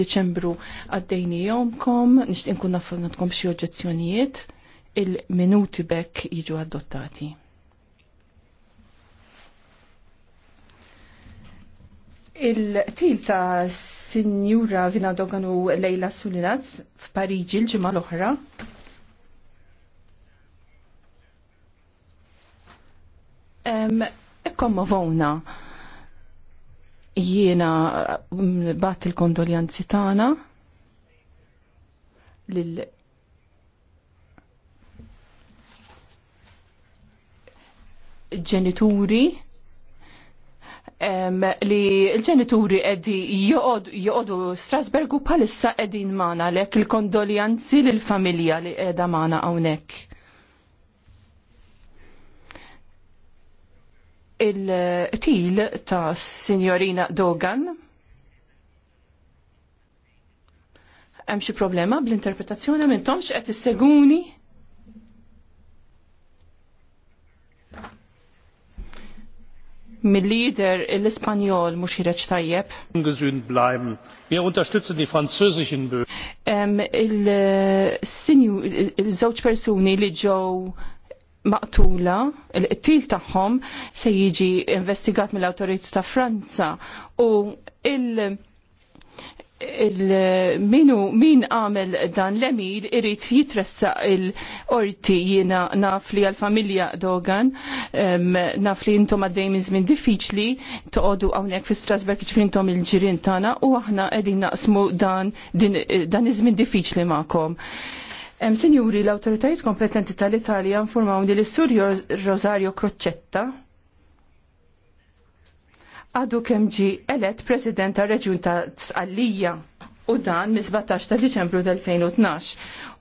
Deċembru għaddejni jomkom, nishtin kun naffonatkom xie oġezzjonijiet, il-minuti bekk jiġu adottati. Il-til ta' Sinjura Doganu Lejla Sulinaz f'Pariġi l-ġimgħa l-oħra um, kommovona Jiena eh, bat il-kondoljanzi tagħna lil ġenituri um, li l-ġenituri edi joqodu Strasbergu palissa edin mana lek il-kondoljanzi lill familja li edha mana hawnhekk. il-til ta' Signorina Dogan. Hemm xi problema bl-interpretazzjoni minn m'intomx qed isseguni. mill-lider l-Ispanjol mhux jireċ tajjeb. Ungesund bleiben. Wir unterstützen die französischen Bö. Il-żewġ persuni li ġew maqtula, il-qtil tagħhom se jiġi investigat mill-awtorit ta' Franza u il- minu min għamel dan l-emir irrit jitressa il-orti jina naf li għal-familja Dogan naf li jintom għaddej minn zmin diffiċli toqodu għawnek fi Strasberg ċfintom il-ġirin tana u aħna għedin naqsmu dan, din, dan iż-żmien diffiċli ma'kom. Em sinjuri l-autoritajiet kompetenti tal-Italja informaw li l-Sur Rosario Croccetta għadu kemm ġi elett President ta' Reġjun ta' Tsqallija u dan mis-17 ta' Diċembru 2012.